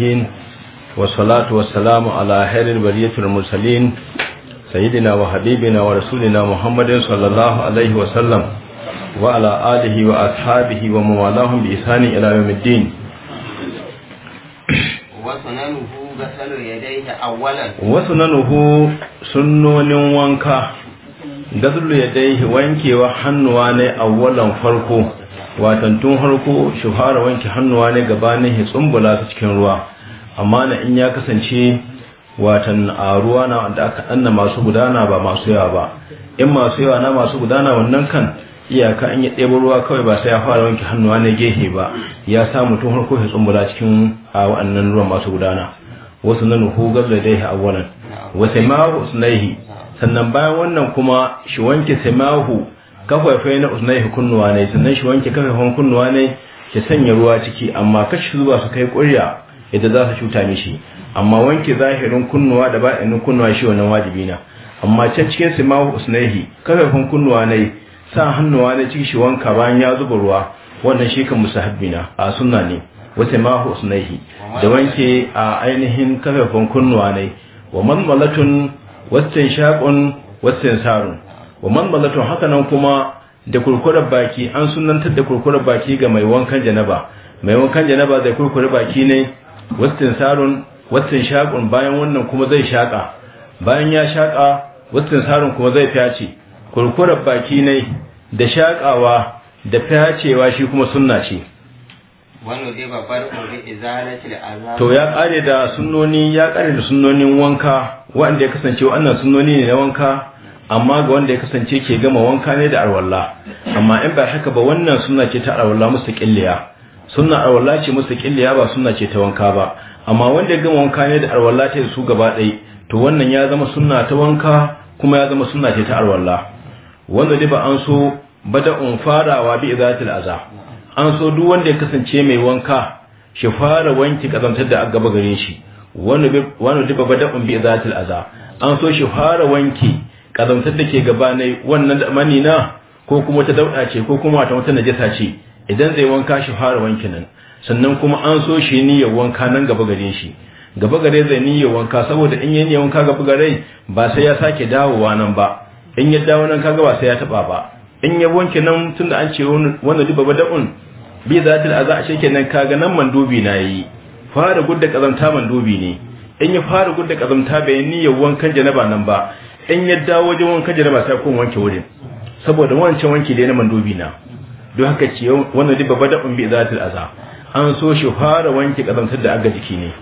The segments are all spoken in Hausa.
الصالحين والصلاة والسلام على خير البرية المرسلين سيدنا وحبيبنا ورسولنا محمد صلى الله عليه وسلم وعلى آله وأصحابه وموالاهم بإحسان إلى يوم الدين وسننه غسل يديه أولا وسننه سنن وانكا غسل يديه وانكي وحنواني أولا فرقه watan tun harko shi wanke hannuwa ne gabanin ya tsumbula su cikin ruwa amma na in ya kasance watan a ruwa na wanda aka danna masu gudana ba masu yawa ba in masu yawa na masu gudana wannan kan iyaka in ya ɗebo ruwa kawai ba sai ya fara wanke hannuwa na gehe ba ya samu tun harko ya tsumbula cikin a wa'annan ruwan masu gudana wasu na nuhu gazza dai awwalan wasu samahu sunaihi sannan bayan wannan kuma shi wanke sai samahu kafafe na usnai kunnuwa ne sannan shi wanke kafafen kunnuwa ne ya sanya ruwa ciki amma kashi zuba su kai ƙurya yadda za su cuta mishi amma wanke zahirin kunnuwa da baɗinin kunnuwa shi wannan wajibi na amma can cikin simahu usnaihi kafafen kunnuwa ne sa hannuwa ne ciki shi wanka bayan ya zuba ruwa wannan shi kan musahabbi na a sunna ne wata mahu usnaihi da wanke a ainihin kafafen kunnuwa ne wa malmalatun wasan shaƙon wasan sarun wa haka nan kuma da kurkurar baki an sunantar da kurkurar baki ga mai wankan janaba mai wankan janaba zai kurkure baki ne wastin sarun wastin shakun bayan wannan kuma zai shaka bayan ya shaka wastin sarun kuma zai fyace kurkurar baki ne da shakawa da fyacewa shi kuma sunna ce to ya kare da sunnoni ya kare da sunnonin wanka wanda ya kasance wannan sunnoni ne na wanka amma ga wanda ya kasance ke gama wanka ne da arwalla amma in ba haka ba wannan sunna ce ta arwalla mustaqilliya sunna arwalla ce mustaqilliya ba sunna ce ta wanka ba amma wanda ya gama wanka ne da arwalla ta su gaba ɗaya to wannan ya zama sunna ta wanka kuma ya zama sunna ce ta arwalla wanda dai ba an so bada'un farawa bi idatil aza an so duk wanda ya kasance mai wanka shi fara wanki kazantar da gaba gare shi wani dai ba bada'un bi idatil aza an so shi fara wanki kazantar da ke gaba wannan da manina ko kuma wata dauda ce ko kuma wata wata najasa ce idan zai wanka shi fara wanki nan sannan kuma an so shi niyyar wanka nan gaba gare shi gaba gare zai niyyar wanka saboda in yi niyyar wanka gaba gare ba sai ya sake dawowa nan ba in ya dawo nan kaga ba sai ya taba ba in ya wanke nan tunda an ce wannan duba da'un bi zatil aza a shekin nan kaga nan mandubi na yi fara gudda kazamta mandubi ne in ya fara gudda kazamta bai niyyar wankan ba nan ba in ya dawo wajen wanka jaraba sai kuma wanke wurin saboda wancan wanki dai na mandobi na don haka ce wannan duk bada da umbi zatil aza an so shi fara wanke kazantar da aga jiki ne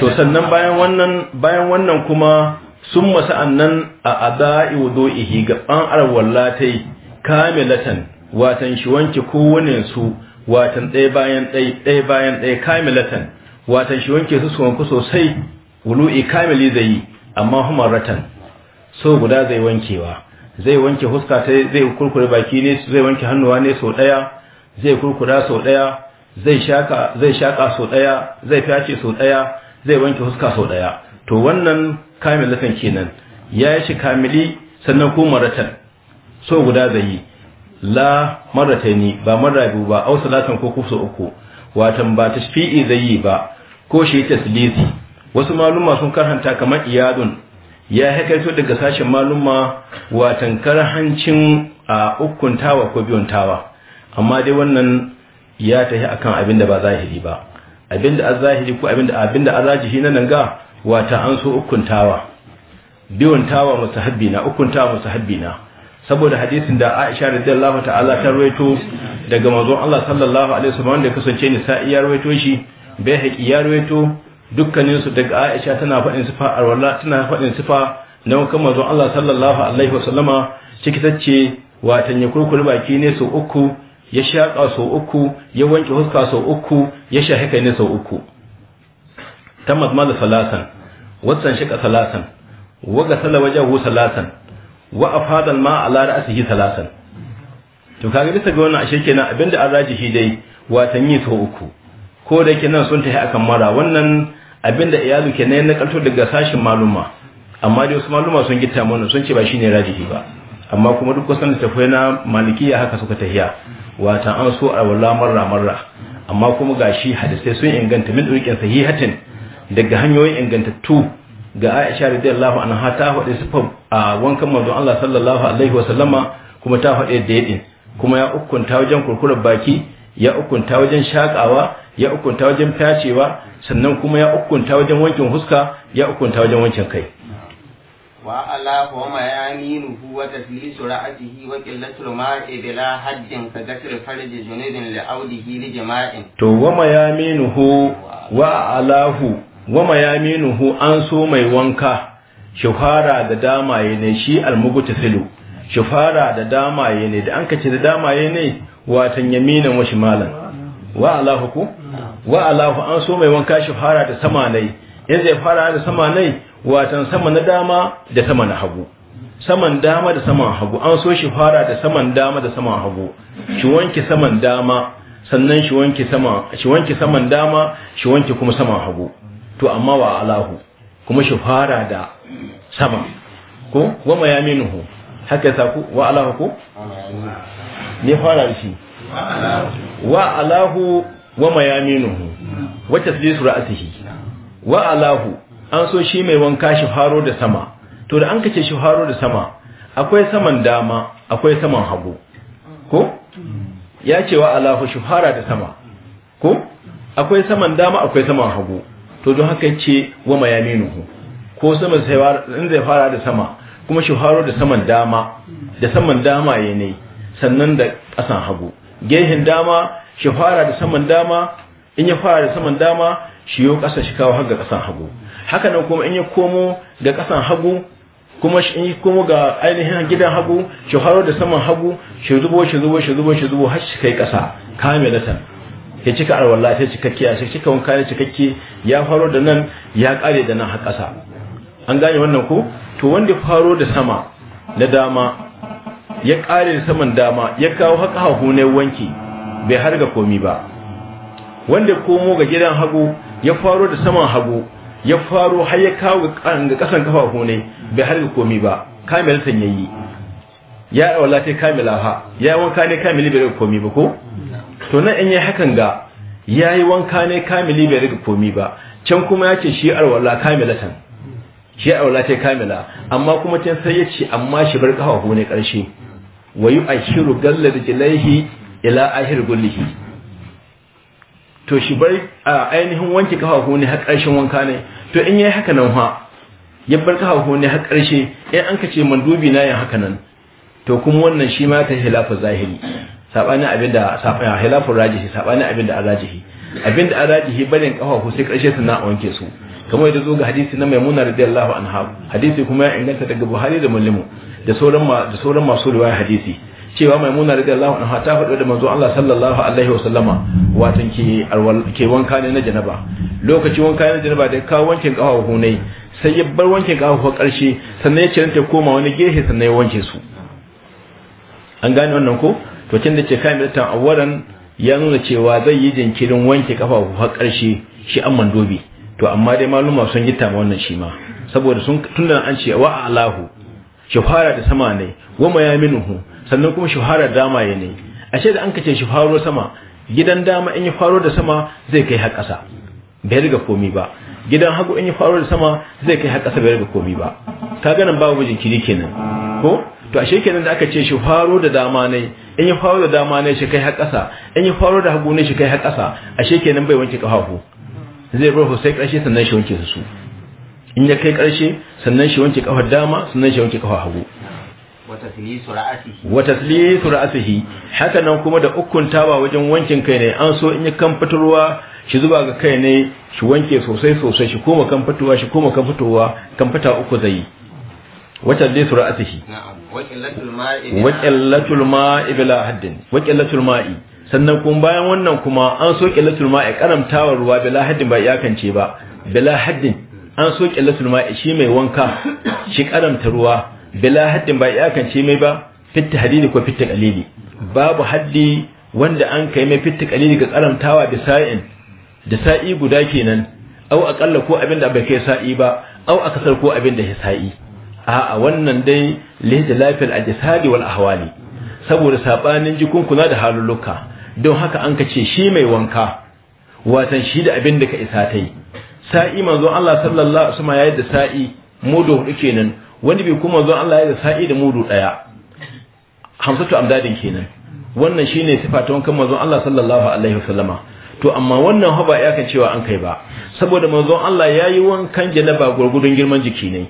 to sannan bayan wannan bayan wannan kuma sun masa nan a ada'i ihi ga ban arwallatai kamilatan watan shi wanke kowane su watan ɗaya bayan ɗaya ɗaya bayan ɗaya kamilatan watan shi wanke su su wanku sosai wulu'i kamili zai yi amma ratan, so guda zai wankewa zai wanke huska ta zai kurkure baki ne zai wanke hannuwa ne so daya zai kurkura so daya zai shaka zai shaka so daya zai fyace so daya zai wanke huska so daya to wannan kamilatan kenan ya shi kamili sannan kuma ratan, so guda zai yi la marataini ba marabu ba au salatan ko kufsu uku watan ba tashfi'i zai yi ba ko shi taslisi wasu maluma sun karhanta kamar iyadun ya hakaito daga sashen maluma watan karhancin a ukuntawa ko biyuntawa tawa amma dai wannan ya tahi akan abin da ba zahiri ba abin da azahiri ko abin da abin azajihi na nan ga wata an so ukuntawa. biyuntawa tawa musahabbi na ukuntawa musahabbi na saboda hadisin da Aisha radiyallahu ta'ala ta rawaito daga manzon Allah sallallahu alaihi wasallam da kasance ni sa'i ya rawaito shi bai haƙi ya rawaito dukkanin su daga Aisha tana faɗin sifa arwala tana faɗin sifa na wankan manzon Allah sallallahu alaihi wasallama ciki tace watan ya kurkure baki ne sau uku ya shaƙa sau uku ya wanke huska sau uku ya sha haka ne sau uku Ta ma da salasan watsan shika salasan wa gasala wajahu salasan wa afadal ma ala ra'sihi salasan to kaga bisa ga wannan ashe kenan abinda an shi dai watan yi sau uku ko da yake nan sun tafi akan mara wannan abinda iyalu ke na kalto daga sashin maluma amma dai wasu maluma sun gitta mana sun ce ba shine rajihi ba amma kuma duk kusan ta na malikiya haka suka tahiya wata an so a walla marra marra amma kuma gashi hadisai sun inganta min dukin sahihatin daga hanyoyin ingantattu ga Aisha radiyallahu anha ta faɗi sifar a wankan manzon Allah sallallahu alaihi wa kuma ta faɗi da yadin kuma ya ukunta wajen kurkurar baki ya ukunta wajen shakawa ya ukunta wajen fashewa sannan kuma ya ukunta wajen wankin huska ya ukunta wajen wankin kai wa ala wa mayaminuhu wa taslisu ra'atihi wa qillatul ma'i bila haddin ka gasir farji junubin li audihi li jama'in to wa mayaminuhu wa alahu wa mayaminuhu an so mai wanka shufara da damaye ne shi almugutasilu shufara da damaye ne da an kace da damaye ne watan yaminan wa shimalan wa alahu ku wa alahu an so mai wanka shi fara da sama nai yanzu ya fara da sama nai watan sama na dama da sama na hagu saman dama da saman hagu an so shi fara da saman dama da saman hagu shi wanke saman dama sannan shi wanke sama shi wanke saman dama shi wanke kuma saman hagu to amma wa alahu kuma shi fara da sama ko wa mayaminuhu haka sa ku wa alahu ku ne fara shi wa alahu wa mayaminuhu wa taslisu ra'atihi wa alahu an so shi mai wanka shi faro da sama to da an kace shi faro da sama akwai saman dama akwai saman hagu ko ya ce wa alahu shi fara da sama ko akwai saman dama akwai saman hagu to don haka ce wa mayaminuhu ko sama in zai fara da sama kuma shi faro da saman dama da saman dama yayi ne sannan da ƙasan hagu gehen dama shi fara da saman dama in ya fara da saman dama shi yau ƙasa shi kawo ga ƙasan hagu haka nan kuma in ya komo ga ƙasan hagu kuma in ya komo ga ainihin gidan hagu shi faro da saman hagu shi zubo shi zubo shi zubo shi zubo har shi kai ƙasa kame latan ya cika arwalla sai cikakke a cikin wanka kayan cikakke ya faro da nan ya ƙare da nan har ƙasa an gane wannan ko to wanda faro da sama na dama ya ƙare saman dama ya kawo haka hagu ne wanki bai harga komi ba wanda komo ga gidan hagu ya faro da saman hagu ya faro har ya kawo ga ƙasan kafafu ne bai harga komi ba san yayi ya aula ta kamila ha ya wanka ne kamili bai riga komi ba ko to nan in yi hakan ga ya yi wanka ne kamili bai riga komi ba can kuma ya ce shi arwala kamilatan shi aula ta kamila amma kuma can sai ya ce amma shi bar kafafu ne ƙarshe wa galla da jilaihi ila ahir gullihi to shi bar ainihin wanke kafafu ne har wanka ne to in yayi haka nan ha ya bar kafafu ne har ƙarshe in an kace mandubi na yin haka nan to kuma wannan shi ma ta hilafu zahiri sabanin abin da hilafu rajihi sabanin abin da arajihi abin da arajihi barin kafafu sai karshe su na wanke su kamar yadda zo ga hadisi na maimuna radiyallahu anha hadisi kuma ya inganta daga buhari da mulimu da sauran da sauran masu riwaya hadisi cewa maimuna Allah anha ta faɗo da manzo Allah sallallahu alaihi wasallama watan ke ke wanka ne na janaba lokacin wanka ne na janaba da kawo wankin kafa hunai sai ya bar wankin kafa karshe sannan ya ce ta koma wani gehe sannan ya wanke su an gane wannan ko to kin da ce kai ta awaran ya nuna cewa zai yi jinkirin wanke kafa ko karshe shi an mandobi to amma dai maluma sun gita ma wannan shi ma saboda sun tunda an ce wa alahu Shuhara da sama ne goma ya minuhu sannan kuma shahara dama ya ne shi da an kace shuharo sama gidan dama in ya faro da sama zai kai har ƙasa bai riga komi ba gidan hagu in ya faro da sama zai kai har ƙasa bai riga komi ba ka ganin babu kiri kenan ko to a kenan da aka ce shi faro da dama ne in ya faro da dama ne shi kai har ƙasa in ya faro da hagu ne shi kai har ƙasa ashe kenan bai wanke kafafu zai bar sai ƙarshe sannan shi wanke su in ya kai karshe sannan shi wanke kafar dama sannan shi wanke kafar hagu wa taslisu ra'sihi haka nan kuma da ukuntawa wajen wankin kai ne an so in ya kan fitarwa shi zuba ga kai ne shi wanke sosai sosai shi koma kan fitowa shi koma kan fitowa kan fita uku zai wa taslisu ra'sihi wa qillatul ma'i bila haddin wa qillatul ma'i sannan kun bayan wannan kuma an so qillatul ma'i karamtawa ruwa bila haddin ba iyakance ba bila haddin an so qillatul ma'i shi mai wanka shi karamta ruwa bila haddin ba iyakance mai ba fitta hadidi ko fitta qalili babu haddi wanda an kai mai fitta qalili ga karantawa da sa'in da sa'i guda kenan au akalla ko abinda bai kai sa'i ba au akasar ko abin da ya sa'i a'a wannan dai lihda lafil ajsadi wal ahwali saboda sabanin jikunkuna da halulluka don haka an kace shi mai wanka watan shi da abin da ka isa tai sa'i manzo Allah sallallahu alaihi wasallam yayi da sa'i mudu hudu kenan wani bai kuma manzo Allah yayi da sa'i da mudu daya hamsatu amdadin kenan wannan shine sifata wankan manzo Allah sallallahu alaihi wasallama to amma wannan haba ya kan cewa an kai ba saboda manzo Allah yayi wankan janaba gurgudun girman jiki ne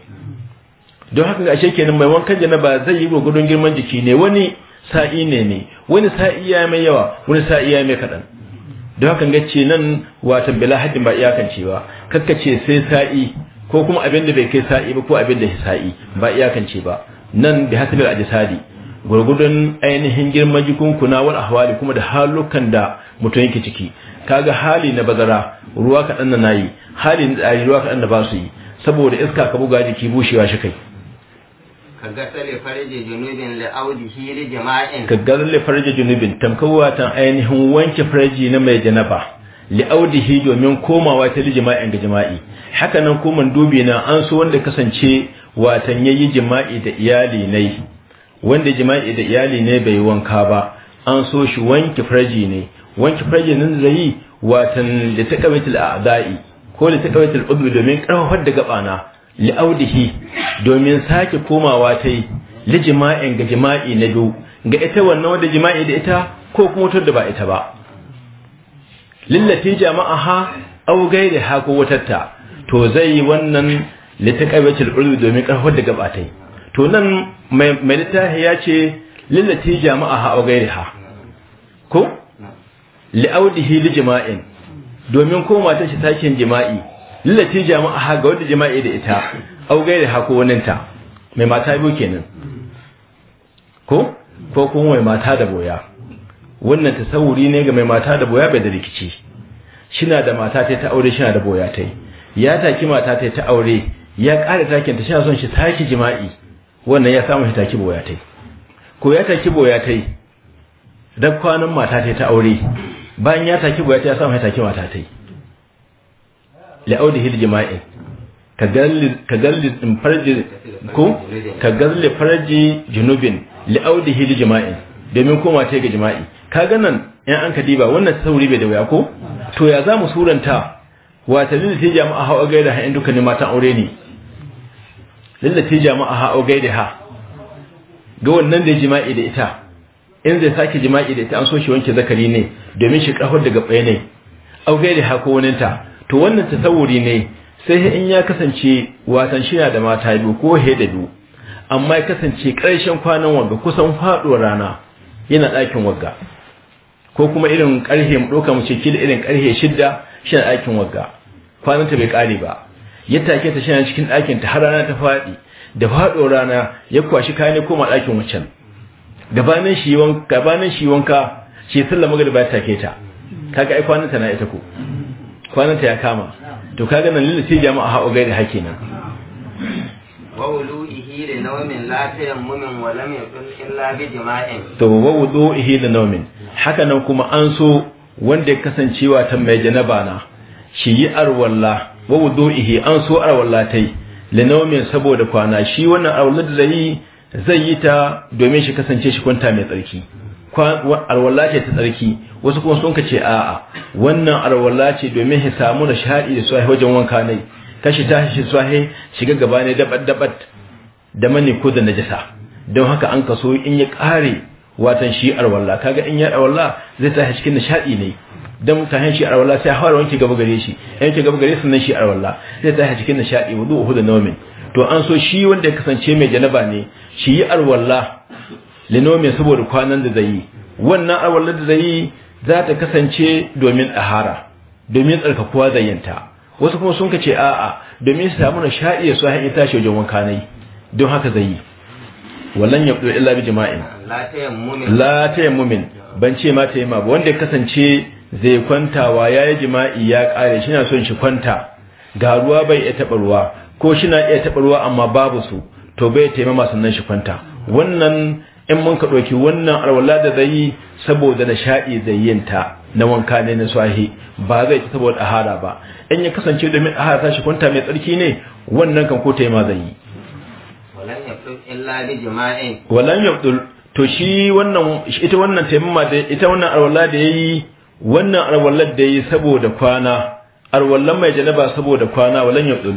don haka ga ashe kenan mai wankan janaba zai yi gurgudun girman jiki ne wani sa'i ne ne wani sa'i ya mai yawa wani sa'i ya mai kadan don haka ga ce nan wata bila haddin ba iyakance ba kakkace sai sa'i ko kuma abin da bai kai sa'i ba ko abin da sa'i ba iyakance ba nan bi hasbil ajsadi gurgudun ainihin girman jikunku na wal ahwali kuma da halukan da mutum yake ciki kaga hali na bazara ruwa kadan na nayi hali na ruwa kaɗan da basu yi saboda iska ka buga jiki bushewa shi kai ka le farje junubin la'audi hili jama'in ka gasale farje junubin ainihin wanke farji na mai janaba li'audihi domin komawa ta jama'in ga jima'i ko man dubi na an so wanda kasance watan yayi jima'i da iyali ne wanda jima'i da iyali ne bai wanka ba an so shi wanke farji ne wanke farji nan zai yi watan da takawatul al'adai ko da takawatul al'udu domin karfafar da gabana li'audihi domin sake komawa ta yi li jima'in ga jima'i na biyu ga ita wannan wadda jima'i da ita ko kuma wutar da ba ita ba lillati jama'a ha au gairi ha ko wutarta to zai yi wannan litaqabatul ulu domin karfar da gabatai to nan mai littafi ya ce lillati jama'a ha au gairi ha ko li'audihi li jima'in domin koma ta shi sakin jima'i lillati jama'a ha ga wanda jama'a da ita au gaire ha ko waninta mai mata biyu kenan ko ko kuma mai mata da boya wannan tasawuri ne ga mai mata da boya bai da rikici shina da mata ta ta aure shina da boya ta ya taki mata ta ta aure ya ƙara takin ta shina son shi taki jima'i wannan ya samu shi taki boya ta ko ya taki boya ta dan kwanan mata ta ta aure bayan ya taki boya ta ya samu shi taki mata ta li'audihi jima'i ka galli farji ko ka galli farji junubin li'audihi jima'i domin koma ta ga jima'i ka ganan yan an ka diba wannan sauri bai da wuya ko to ya za mu suranta wata lillace jama'a hawa gaida ha in dukkanin matan aure ne lillace jama'a hawa gaida ha ga wannan da jima'i da ita in zai sake jima'i da ita an so shi wanke zakari ne domin shi kahon daga ɓaya ne aure da ha wannan waninta to wannan tasawuri ne sai in ya kasance watan shi da mata biyu ko he da biyu amma ya kasance karshen kwanan wanda kusan faɗuwar rana yana ɗakin wagga ko kuma irin ƙarhe mu ɗauka mu ce da irin ƙarhe shidda shi na ɗakin wagga ta bai kare ba ya take ta shi cikin ɗakin ta har rana ta faɗi da faɗuwar rana ya kwashi kayan ya koma ɗakin wancan gabanin shi wanka shi wanka ce sallama gaba ya ta take ta kaga ai ta na ita ko kwananta ya kama to kaga nan lillace jama'a ha'u gairi hake nan da naumin lafiyan mumin walam yakun illa bi jama'in. to da naumin haka nan kuma an so wanda ya kasancewa ta mai janaba na shi yi arwalla an so arwalla da naumin saboda kwana shi wannan arwalla da zai yi ta domin shi kasance shi kwanta mai tsarki alwala ce ta tsarki wasu kuma sun ce a'a wannan alwala ce domin ya samu da shaɗi da suwahi wajen wanka ne kashi ta shi suwahi shiga gaba ne dabat dabat da mani ko da najasa don haka an kaso in ya ƙare watan shi alwala kaga in ya alwala zai tashi cikin nishaɗi ne dan tahin shi alwala sai fara wanke gaba gare shi yanke gaba gare sannan shi alwala zai tashi cikin nishaɗi wudu uhu da naumin to an so shi wanda ya kasance mai janaba ne shi yi alwala linome saboda kwanan da zai yi wannan arwallar da zai yi za ta kasance domin ahara domin tsarkakuwa zayyanta wasu kuma sun kace a'a domin su samu nishaɗi ya su haɗe tashi wajen wanka ne don haka zai yi wallan ya fito illa bi jama'in la tayammumin ban ce ma tayyama ba wanda ya kasance zai kwantawa yayi jima'i ya kare shi na son shi kwanta ga ruwa bai iya taba ruwa ko shi na iya taba ruwa amma babu su to bai taimama sannan shi kwanta wannan in mun ka ɗauki wannan alwala da zai yi saboda na sha'i zai yin ta na wanka ne na swahi ba zai ci saboda ahara ba in ya kasance domin ahara ta shi kwanta mai tsarki ne wannan kan ko ma zai yi walan yabdul to shi wannan ita wannan taimama da ita wannan alwala da yayi wannan alwala da yayi saboda kwana alwala mai janaba saboda kwana walan yabdul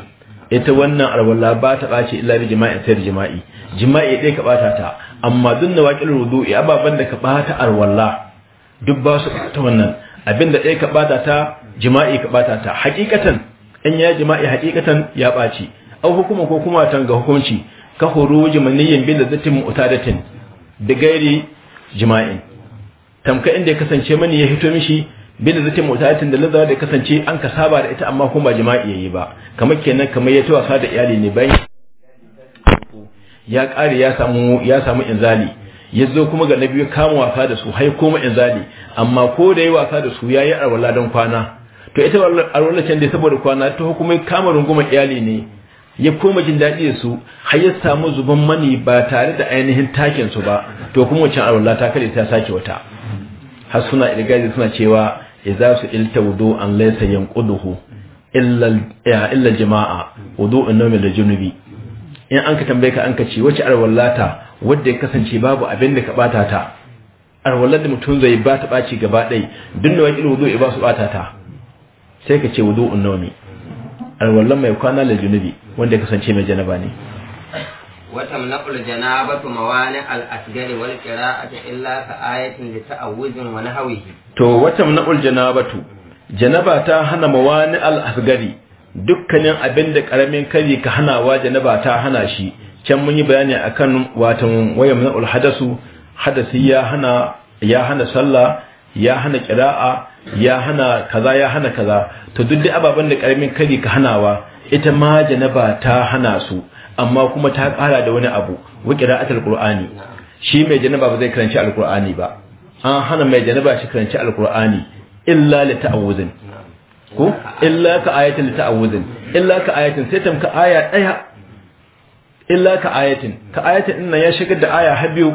ita wannan alwala ba ta ɓace illa bi jima'i sai da jima'i jima'i ɗaya ka ɓata ta amma duk na waƙil ba ababen da ka ɓata alwala duk ba su ɓata wannan abin da ɗaya ka ɓata ta jima'i ka ɓata ta hakikatan in ya jima'i hakikatan ya ɓaci au hukuma ko kuma tan ga hukunci ka huruji maniyyin bil zatin mu'tadatin da gairi jima'in tamka inda ya kasance mani ya hito mishi bin zatin mutalatin da lazawa da kasance an ka saba da ita amma kuma jima'i yayi ba kamar kenan kamar ya sa da iyali ne bayan ya kare ya samu ya samu inzali ya zo kuma ga nabi kama wasa da su hai koma inzali amma ko da yi wasa da su yayi arwala dan kwana to ita arwala can dai saboda kwana to hukumai kama rungumar iyali ne ya koma jin daɗi da su har ya samu zuban mani ba tare da ainihin takin su ba to kuma wancan arwala ta kare ta sake wata har suna irgazi suna cewa idza su ilta wudu an laysa yanquduhu illa illa jama'a wudu an da junubi in an ka tambaye ka an ka ce wace arwallata wadda ya kasance babu abin da ka bata ta arwallar da mutum zai ba ta baci gaba ɗai duk da wakil wudu ba su bata ta sai ka ce wudu in nawmi arwallar mai kwana la junubi wanda ya kasance mai janaba ne وتمنع الجنابة موانع الأسجل والقراءة إلا كآية لتأوز ونهوه تو وتمنع الجنابة جنابة تهنا موانع الأسجل dukkanin abin da karamin kari ka hanawa janaba ta hana shi can mun yi bayani akan watan wayan na hadasu hadasi ya hana ya hana sallah ya hana qira'a ya hana kaza ya hana kaza to duk da ababen da karamin kari ka hanawa ita ma janaba ta hana su amma kuma ta kara da wani abu wa qira'atul qur'ani shi mai janaba ba zai karanci alqur'ani ba an hana mai janaba shi karanci alqur'ani illa li ta'awuzin ko illa ka ayatin li ta'awuzin illa ka ayatin sai tamka aya daya illa ka ayatin ka ayatin din nan ya shigar da aya har biyu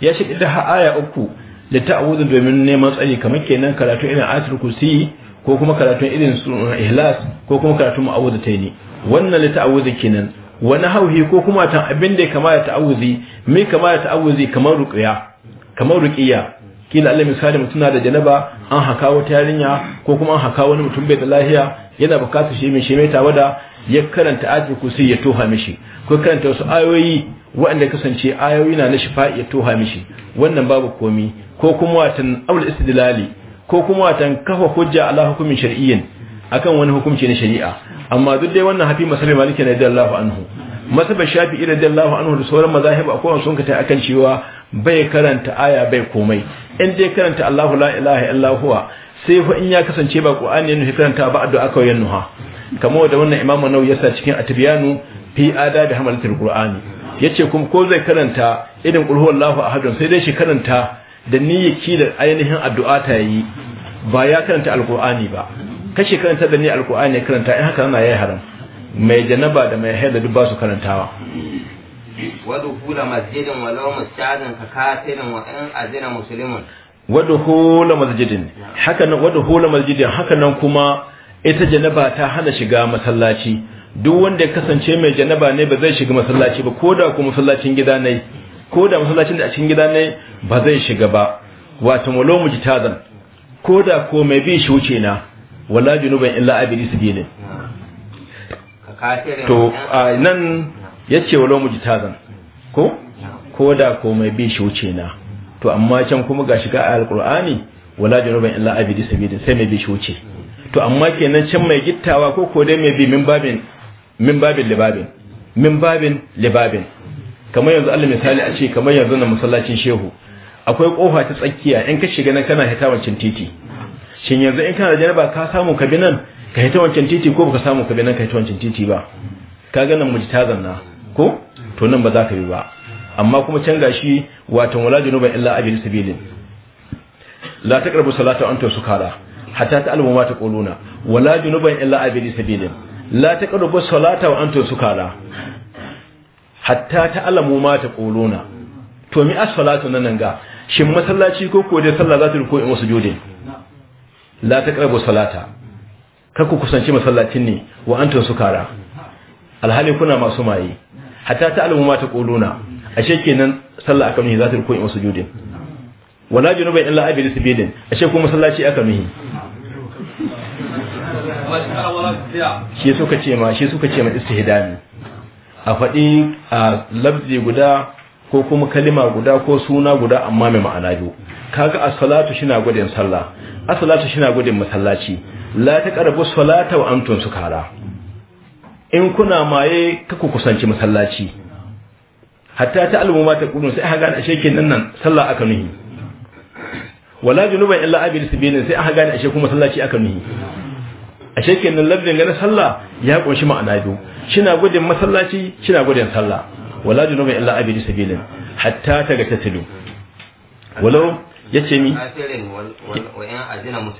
ya shigar da aya uku li ta'awuzin domin neman tsari kamar kenan karatu irin ayatul kursi ko kuma karatun irin sunan ihlas ko kuma karatun mu'awudataini wannan li ta'awuzin kenan wani hauhi ko kuma tan abin da kama da ta'awuzi mai kama da ta'awuzi kamar ruqiya kamar ruqiya kila Allah misali mutum na da janaba an haka wata yarinya ko kuma an haka wani mutum bai da lafiya yana bukatar shi mai shemai tawada ya karanta ayatul kursi ya toha mishi ko karanta wasu ayoyi waɗanda kasance ayoyi na na shifa ya toha mishi wannan babu komi ko kuma watan aul istidlali ko kuma watan kafa hujja ala hukumin shar'iyyin akan wani hukunci na shari'a amma duk dai wannan hafi masalai maliki na radiyallahu anhu masaba shafi ira radiyallahu anhu da sauran mazahib akwai sun ta akan cewa bai karanta aya bai komai in dai karanta Allahu la ilaha illa huwa sai fa in ya kasance ba Qur'ani ne karanta ba addu'a kawai nuha kamar da wannan Imam Nawawi yasa cikin atbiyanu fi ada da hamalatul Qur'ani yace kuma ko zai karanta irin qul huwallahu ahad sai dai shi karanta da niyyaki da ainihin addu'a ta yi ba ya karanta alqur'ani ba kashe karanta da ni alkur'ani ya karanta in haka yana yayi haram mai janaba da mai haida duk ba su karantawa wadkhula masjidin walau musta'adin ka kafirin wa in azina muslimun wadkhula masjidin haka nan wadkhula masjidin haka nan kuma ita janaba ta hana shiga masallaci duk wanda ya kasance mai janaba ne ba zai shiga masallaci ba koda ko masallacin gida ne koda masallacin da a cikin gida ne ba zai shiga ba wato walau mujtazan koda ko mai bi shi wuce na wala junuban illa abiri sigilin to a nan ya ce wa lomu jitazan ko ko da ko mai bi shi wuce na to amma can kuma ga shiga a alkur'ani wala junuban illa abiri sigilin sai mai bi shi wuce to amma kenan can mai gittawa ko ko dai mai bi min babin min babin libabin min babin libabin kamar yanzu Allah misali a ce kamar yanzu na masallacin shehu akwai kofa ta tsakiya in ka shiga nan kana hita wancan titi shin yanzu in kana da jaraba ka samu ka bi nan ka hita wancan titi ko baka samu ka bi nan ka hita wancan titi ba ka ga nan ta na ko to nan ba za ka bi ba amma kuma can gashi watan wala junuba illa abil sabilin la taqrabu salata anta sukara hatta ta'lamu ma taquluna wala junuba illa abil sabilin la taqrabu salata wa anta sukara hatta ta'lamu ma taquluna to mi as-salatu nan ga shin masallaci ko ko da sallah za ta ruko in wasu jodin la ta taqrabu salata kar ku kusanci masallacin ne wa antum sukara alhali kuna masu maye hatta ta alamu ma taquluna ashe kenan sallah aka nuhi zata ruku'i masu judin wala junuban illa abil sabilin ashe kuma masallaci aka nuhi shi suka ce ma shi suka ce ma istihdami a faɗi a labdi guda ko kuma kalima guda ko suna guda amma mai ma'ana biyu kaga as-salatu shina gudun sallah Asalatu shi na gudun masallaci la taqrabu salata wa antum sukara in kuna maye kaku kusanci masallaci hatta ta almu ma ta kudun sai hagan ashe kenan nan sallah aka nuhi wala junuban illa abil sabilin sai aka gane ashe kuma aka nuhi ashe kenan labdin gane sallah ya ƙunshi ma'ana biyu na gudun masallaci na gudun sallah wala junuban illa abil sabilin hatta ta ga tudu walau ya ce mi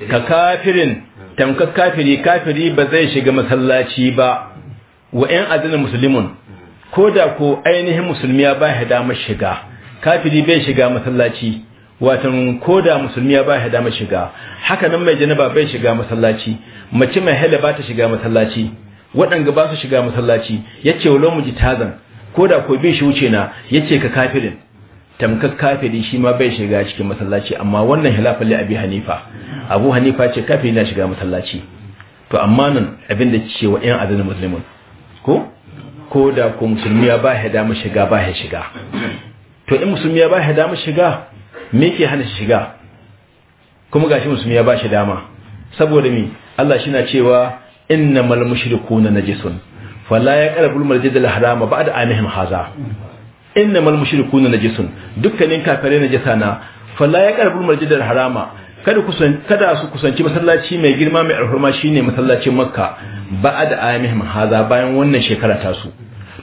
ka kafirin tamkar kafiri kafiri ba zai shiga masallaci ba wa ‘yan azina musulmin ko da ko ainihin musulmi ba ya damar shiga kafiri bai shiga masallaci watan ko da musulmi ba ya damar shiga haka nan mai janaba bai shiga masallaci mace mai hala ba ta shiga masallaci waɗanga ba su shiga masallaci ya ce wa ji tazan, ko da ko bin shi wuce na ya ce ka kafirin tamkar kafiri shi ma bai shiga cikin masallaci amma wannan hilafin li abi hanifa abu hanifa ce kafiri na shiga masallaci to amma nan abin da ce wa yan adana musulmin ko ko da ko musulmi ya ba ya dama shiga ba ya shiga to in musulmi ya ba ya dama shiga me ke hana shiga kuma gashi musulmi ya ba shi dama saboda me Allah shi na cewa innamal mushrikuna najisun fala yaqrabul masjidal harama ba'da anihim haza mal mushrikuna najisun dukkanin kafare najasa na falla ya karbul masjidal harama kada san kada su kusanci masallaci mai girma mai alhurma shine masallacin makka ba'ad ayyamihim haza bayan wannan shekara ta su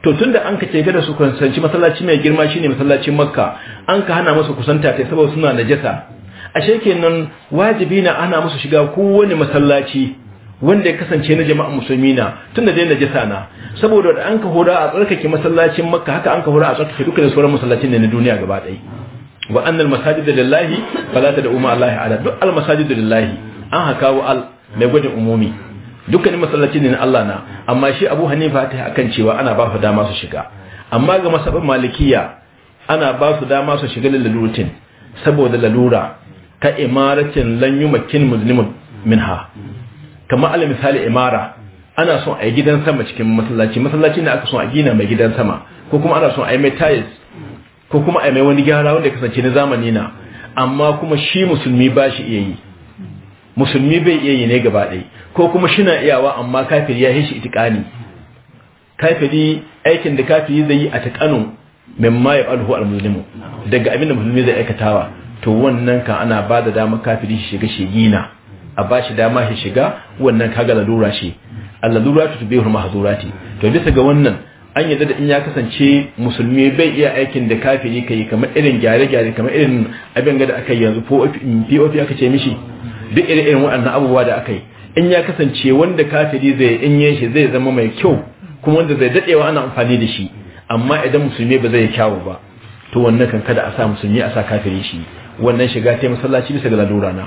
to tunda an kace kada su kusanci masallaci mai girma shine masallacin makka an ka hana musu kusanta ta saboda suna najasa ashe kenan wajibi na ana musu shiga kowane masallaci wanda ya kasance na jama'a musulmi na tun da dai najasa na saboda da an ka hura a tsarkake masallacin makka haka an ka hura a tsarkake duka da sauran masallacin da na duniya gaba ɗaya wa annal masajidu lillahi fala tad'u ma allah ala duk al masajidu lillahi an haka wa al mai gwajin umumi dukkanin masallacin ne na Allah na amma shi Abu Hanifa ta akan cewa ana ba su dama su shiga amma ga masabin malikiya ana ba su dama su shiga lalurutin saboda lalura ka imaratin lan yumakkin muslimun minha kamar ala misali imara ana son a yi gidan sama cikin masallaci masallaci ne aka son a gina mai gidan sama ko kuma ana son a yi mai tiles ko kuma a yi mai wani gyara wanda ya kasance na zamani na amma kuma shi musulmi ba shi iya yi musulmi bai iya yi ne gaba ɗaya ko kuma shi na iyawa amma kafiri ya yi shi itikani kafiri aikin da kafiri zai yi a taƙanun min ya alhu al-muslimu daga abin da musulmi zai aikatawa to wannan ka ana bada da damar kafiri shi shiga shi gina a bashi dama shi shiga wannan kaga lalura shi allalura tu hazura mahdurati to bisa ga wannan an yadda da in ya kasance musulmi bai iya aikin da kafiri kai kamar irin gyare-gyare kamar irin abin gada aka yi yanzu POP aka ce mishi duk irin waɗannan abubuwa da aka yi in ya kasance wanda kafiri zai in yi shi zai zama mai kyau kuma wanda zai dadewa ana amfani da shi amma idan musulmi ba zai kyawu ba to wannan kan kada a sa musulmi a sa kafiri shi wannan shiga ta yi masallaci bisa ga lalura na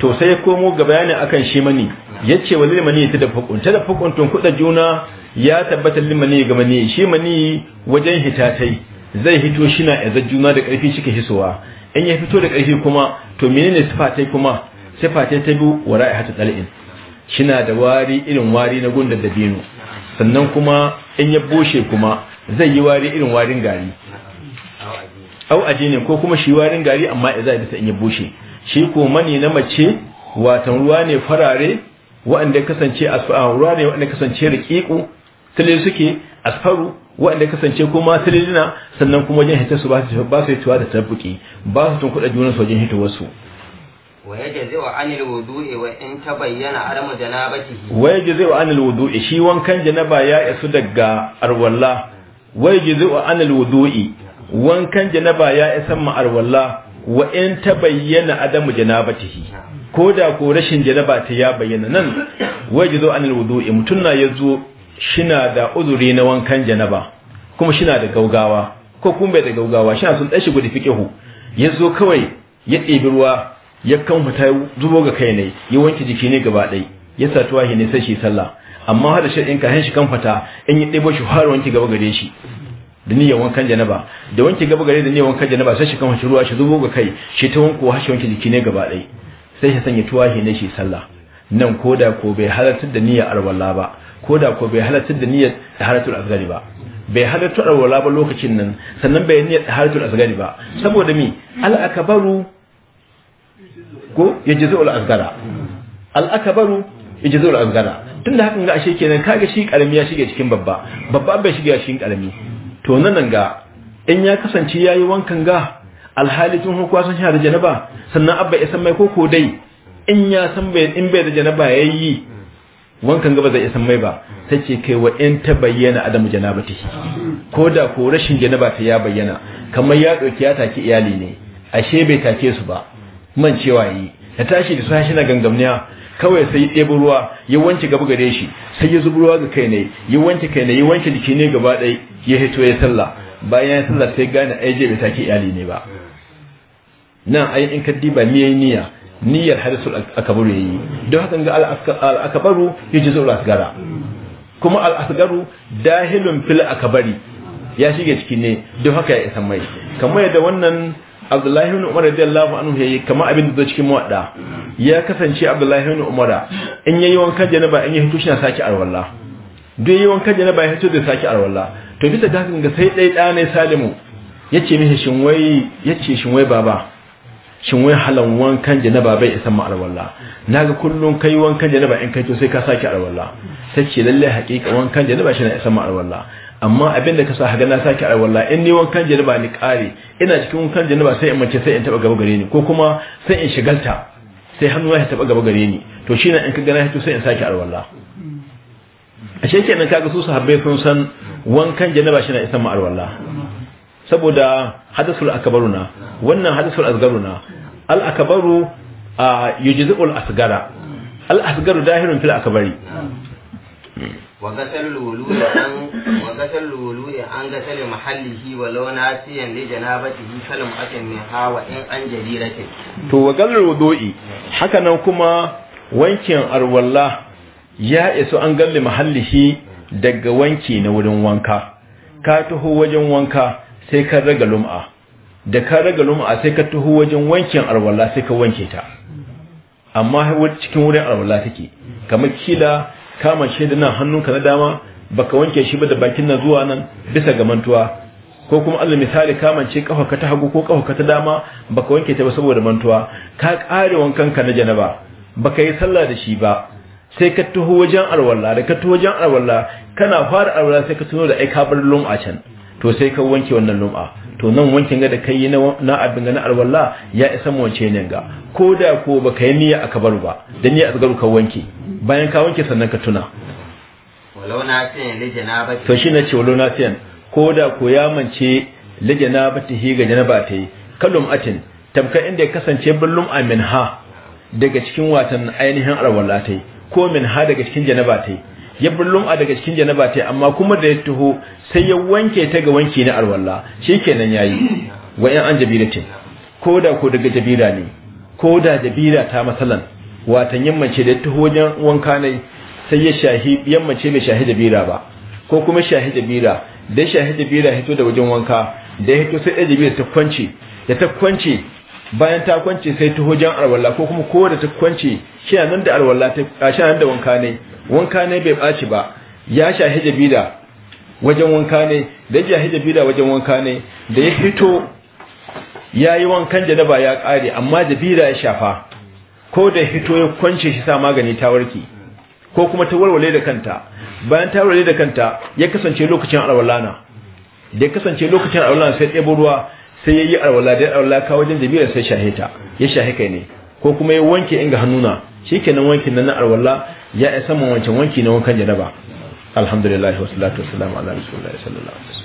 to sai ya komo ga bayanin akan shi mani ya ce wani mani ta da fakun ta da fakun tun kuɗa juna ya tabbata limani ga mani shi mani wajen hitatai zai hito shi na yaza juna da ƙarfi shi ke hisowa in ya fito da ƙarfi kuma to menene sifatai kuma sifatai ta biyu wa ya haɗu ɗal'in shina da wari irin wari na gundar da bino sannan kuma in ya boshe kuma zai yi wari irin warin gari au ne ko kuma shi warin gari amma ya zai bisa in yi bushe shi ko mani na mace watan ruwa ne farare wa'anda kasance asfa ruwa ne wa'anda kasance riqiqu tilil suke asfaru wa'anda kasance kuma tililina sannan kuma wajen hita su ba su hituwa da tabbuki ba su tun kuɗa junan su wajen hituwar su ويجزئ عن الوضوء وإن zai wa جنابته ويجزئ shi wankan شي ya كان daga يا يسو دغا zai wa anil wudu'i wankan janaba ya isan ma'arwalla wa in ta bayyana adamu janabatihi ko da ko rashin janaba ta ya bayyana nan wai jizo anil wudu'i mutum na ya zo shina da uzuri na wankan janaba kuma shina da gaugawa ko kuma bai da gaugawa shina sun dashi gudu fiqihu ya zo kawai ya ɗebi ruwa ya kan fita zubo ga kai ne ya wanke jiki ne gaba ɗai ya sa tuwahi ne sai shi sallah amma hada shi in ka hanshi kan fita in ya ɗebo shi har wanke gaba gare shi da niyyar wankan janaba da wanke gaba gare da niyyar wankan janaba sai shi kama shi ruwa shi zubo ga kai shi ta wanko hashe shi wanke jiki ne gaba ɗaya sai shi sanya tuwahi ne shi sallah nan koda ko bai halartar da niyyar arwalla ba koda ko bai halartar da niyyar taharatul asgari ba bai halarta arwalla ba lokacin nan sannan bai niyyar taharatul asgari ba saboda mi al akbaru ko yajzu azgara asgara al akbaru yajzu azgara asgara tunda hakan ga ashe kenan kaga shi karami ya shige cikin babba babba bai shige cikin karami to nan ga in ya kasance ya yi wankan ga alhali tun hukuwa sun shi da janaba sannan abba ya san mai koko dai in ya san bai in bai da janaba ya yi wankan ga gaba zai san mai ba ta ce kai wa in ta bayyana adamu janabati ko da ko rashin janaba ta ya bayyana kamar ya ɗauki ya take iyali ne ashe bai take su ba man cewa yi ta tashi da su hashi na gangamniya kawai sai ɗebo ruwa ya wanke gaba gare shi sai ya zubi ruwa ga kai ne ya wanke kai ne ya wanke jiki ne gaba ɗai ya hito ya sallah bayan ya sallah sai gane ai je ta take iyali ne ba nan ai in ka diba ni yayi niyya niyyar hadisul ya yayi don haka ga al akbaru yaji zuwa asgara kuma al asgaru dahilun fil akabari ya shige ciki ne don haka ya isa mai kamar yadda wannan abdullahi ibn umar radiyallahu anhu yayi kamar abin da zo cikin muwadda ya kasance abdullahi ibn umar in yayi wankan janaba in yayi hito shi na saki alwala duk yayi wankan janaba ya hito da saki alwala to bisa ga hakan ga sai dai da ne salimu yace mishi shin wai yace shin wai baba shin wai halan wankan janaba bai isa ma alwala naga kullun kai wankan janaba in kai to sai ka saki alwala sai ce lalle haƙiƙa wankan janaba shi na isa ma alwala amma abin da ka sa haga na sake ai wallahi in ni wankan janaba ni kare ina cikin wankan janaba sai in mace sai in taba gaba gare ni ko kuma sai in shigalta sai hannu ya taba gaba gare ni to shine in ka gana hito sai in sake ai wallahi ashe kenan kaga su sahabbai sun san wankan janaba shi na isan ma alwallah saboda hadasul akbaruna wannan hadasul asgaruna al akbaru yujzi'ul asgara al asgaru dahirun fil akbari وغسل الولود عن وغسل الولود عن غسل محله ولو ناسيا لجنابته فلم كلمة منها وإن عن جديرة تو وغسل الوضوء hakanan kuma wankin arwalla ya isu an galli mahallihi daga wanki na wurin wanka ka taho wajen wanka sai ka raga lum'a da ka raga lum'a sai ka taho wajen wankin arwalla sai ka wanke ta amma cikin wurin arwalla take kamar kila kama shi da nan hannunka na dama baka wanke shi ba da bakin na zuwa nan bisa ga mantuwa ko kuma Allah misali kamance kafarka ta hagu ko kafarka ta dama baka wanke ta ba saboda mantuwa ka kare ka na janaba baka yi sallah da shi ba sai ka taho wajen alwala da ka taho wajen alwala kana fara alwala sai ka tuno da ai bar lum a can to sai ka wanke wannan lum'a to nan wankin ga da kai yi na abin ga na alwala ya isa mu wance ne ga ko da ko ba ka yi niyya a kabar ba dan niyya a ka wanke bayan ka wanke sannan ka tuna to shi na ce walau na sayan ko da ko ya mance lijina ba ta hi ga janaba ta yi kalum atin tamkar inda ya kasance bin lum'a min ha daga cikin watan ainihin alwala ta yi ko min ha daga cikin janaba ta yi ya bullum daga cikin janaba ta amma kuma da ya taho sai ya wanke ta ga wanki na alwala shikenan yayi wa in an ce. ko da ko daga jabira ne ko da jabira ta masalan watan yammace da ya taho wajen wanka ne sai ya shahi yammace bai shahi jabira ba ko kuma shahi jabira da shahi jabira hito da wajen wanka da hito sai jabira ta kwance da ta kwance bayan ta kwance sai ta hojan alwala ko kuma ko da ta kwance shi nan da alwala ta shi nan da wanka ne wanka ne bai baci ba ya sha hijabi da wajen wanka ne da ya hijabi da wajen wanka ne da ya fito yayi wankan janaba ya kare amma jabira ya shafa ko da fito ya kwance shi sa magani ta warke ko kuma ta warware da kanta bayan ta warware da kanta ya kasance lokacin alwala na da ya kasance lokacin alwala sai ɗebo ruwa sai yayi alwala da alwala ka wajen jami'a sai shahita ya shahi kai ne ko kuma ya wanke inga hannuna shikenan wanki nan na alwala ya isa mun wancan wanki na wankan jaraba. alhamdulillah wassalatu wassalamu ala rasulillah sallallahu alaihi wasallam